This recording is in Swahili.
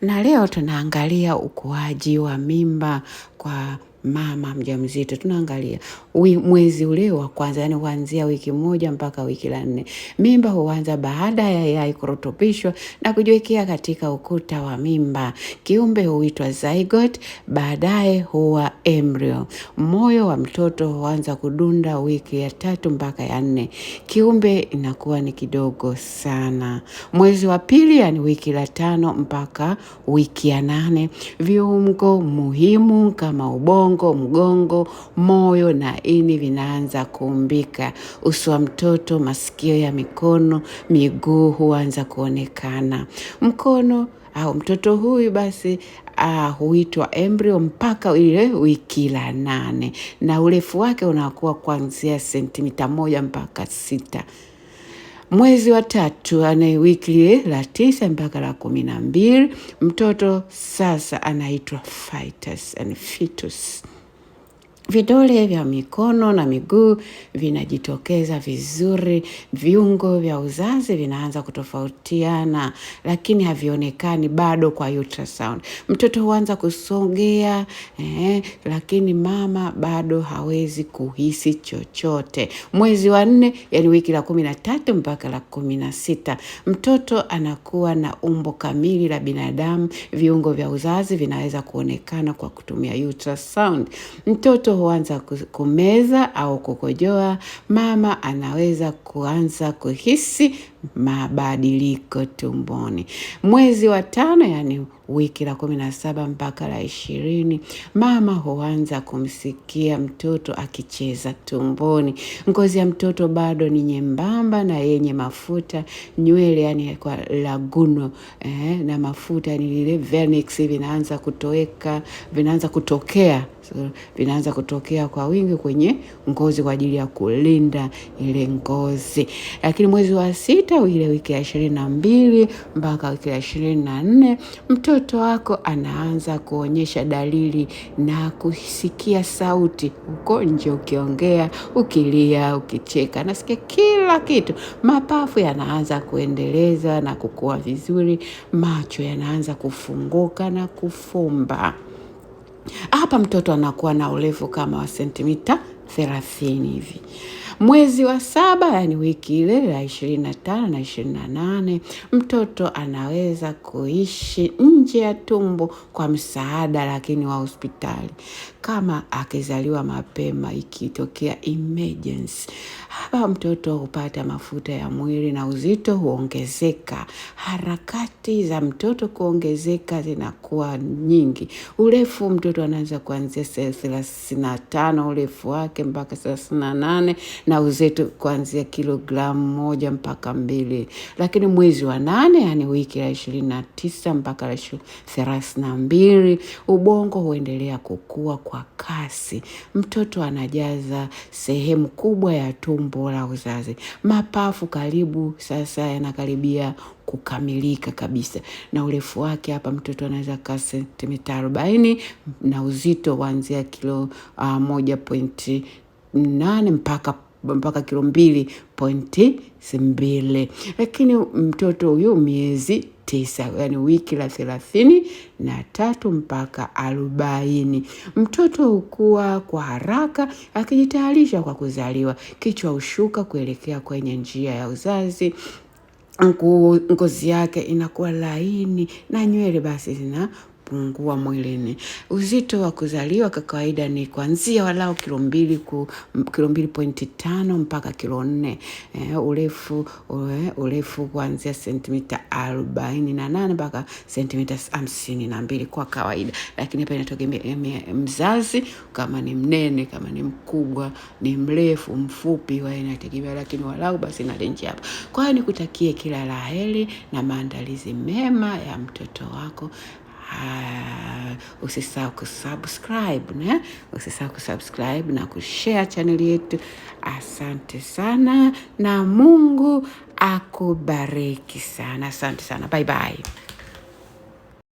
na leo tunaangalia ukuaji wa mimba kwa mama mjamzito tunaangalia mwezi ule wa kwanza, yani huanzia wiki moja mpaka wiki la nne. Mimba huanza baada ya yai kurutubishwa na kujiwekea katika ukuta wa mimba. Kiumbe huitwa zygote, baadaye huwa embryo. Moyo wa mtoto huanza kudunda wiki ya tatu mpaka ya nne. Kiumbe inakuwa ni kidogo sana. Mwezi wa pili, yani wiki la tano mpaka wiki ya nane, viungo muhimu kama ubongo ubongo, mgongo, moyo na ini vinaanza kuumbika. Uso wa mtoto, masikio ya mikono, miguu huanza kuonekana. Mkono au mtoto huyu basi Uh, huitwa embryo mpaka ile wiki la nane na urefu wake unakuwa kuanzia sentimita moja mpaka sita mwezi wa tatu ane wiki la tisa mpaka la kumi na mbili. Mtoto sasa anaitwa fitus and Fitus. Vidole vya mikono na miguu vinajitokeza vizuri, viungo vya uzazi vinaanza kutofautiana, lakini havionekani bado kwa ultrasound. Mtoto huanza kusogea eh, lakini mama bado hawezi kuhisi chochote. Mwezi wa nne, yani wiki la kumi na tatu mpaka la kumi na sita mtoto anakuwa na umbo kamili la binadamu. Viungo vya uzazi vinaweza kuonekana kwa kutumia ultrasound. Mtoto huanza kumeza au kukojoa, mama anaweza kuanza kuhisi mabadiliko tumboni. Mwezi wa tano, yani wiki la kumi na saba mpaka la ishirini, mama huanza kumsikia mtoto akicheza tumboni. Ngozi ya mtoto bado ni nyembamba na yenye mafuta, nywele yani kwa laguno eh, na mafuta ni lile vernix vinaanza kutoweka, vinaanza kutokea vinaanza kutokea kwa wingi kwenye ngozi kwa ajili ya kulinda ile ngozi. Lakini mwezi wa sita sita, ile wiki ya ishirini na mbili mpaka wiki ya ishirini na nne mtoto wako anaanza kuonyesha dalili na kusikia sauti uko nje, ukiongea, ukilia, ukicheka, nasikia kila kitu. Mapafu yanaanza kuendeleza na kukua vizuri, macho yanaanza kufunguka na kufumba. Hapa mtoto anakuwa na urefu kama wa sentimita thelathini hivi. Mwezi wa saba, yani wiki ile la ishirini na tano na ishirini na nane mtoto anaweza kuishi nje ya tumbo kwa msaada lakini wa hospitali, kama akizaliwa mapema, ikitokea emergency baba mtoto hupata mafuta ya mwili na uzito huongezeka. Harakati za mtoto kuongezeka zinakuwa nyingi. Urefu mtoto anaweza kuanzia thelathini na tano urefu wake mpaka thelathini na nane na uzito kuanzia kilogramu moja mpaka mbili, lakini mwezi wa nane, yani wiki la ishirini na tisa mpaka la thelathini na mbili ubongo huendelea kukua kwa kasi. Mtoto anajaza sehemu kubwa ya tumbo la uzazi. Mapafu karibu sasa yanakaribia kukamilika kabisa, na urefu wake hapa mtoto anaweza kaa sentimita arobaini na uzito wanzia kilo uh, moja pointi nane mpaka mpaka kilo mbili pointi mbili, lakini mtoto huyu miezi tisa, yani wiki la thelathini na tatu mpaka arobaini. Mtoto hukua kwa haraka akijitayarisha kwa kuzaliwa. Kichwa hushuka kuelekea kwenye njia ya uzazi ngozi yake inakuwa laini na nywele basi zina kupungua mwilini. Uzito wa kuzaliwa kwa kawaida ni kuanzia walau kilo mbili ku, kilo mbili pointi tano mpaka kilo nne. Eh, urefu eh, urefu kuanzia sentimita arobaini na nane mpaka sentimita hamsini na mbili kwa kawaida, lakini hapa inategemea mzazi, kama ni mnene, kama ni mkubwa, ni mrefu, mfupi, wa inategemea, lakini walau basi na renji hapo. Kwa hiyo nikutakie kila la heri na maandalizi mema ya mtoto wako. Uh, usisahau kusubscribe ne, usisahau kusubscribe na kushare chaneli yetu. Asante sana na Mungu akubariki sana. Asante sana, bye bye.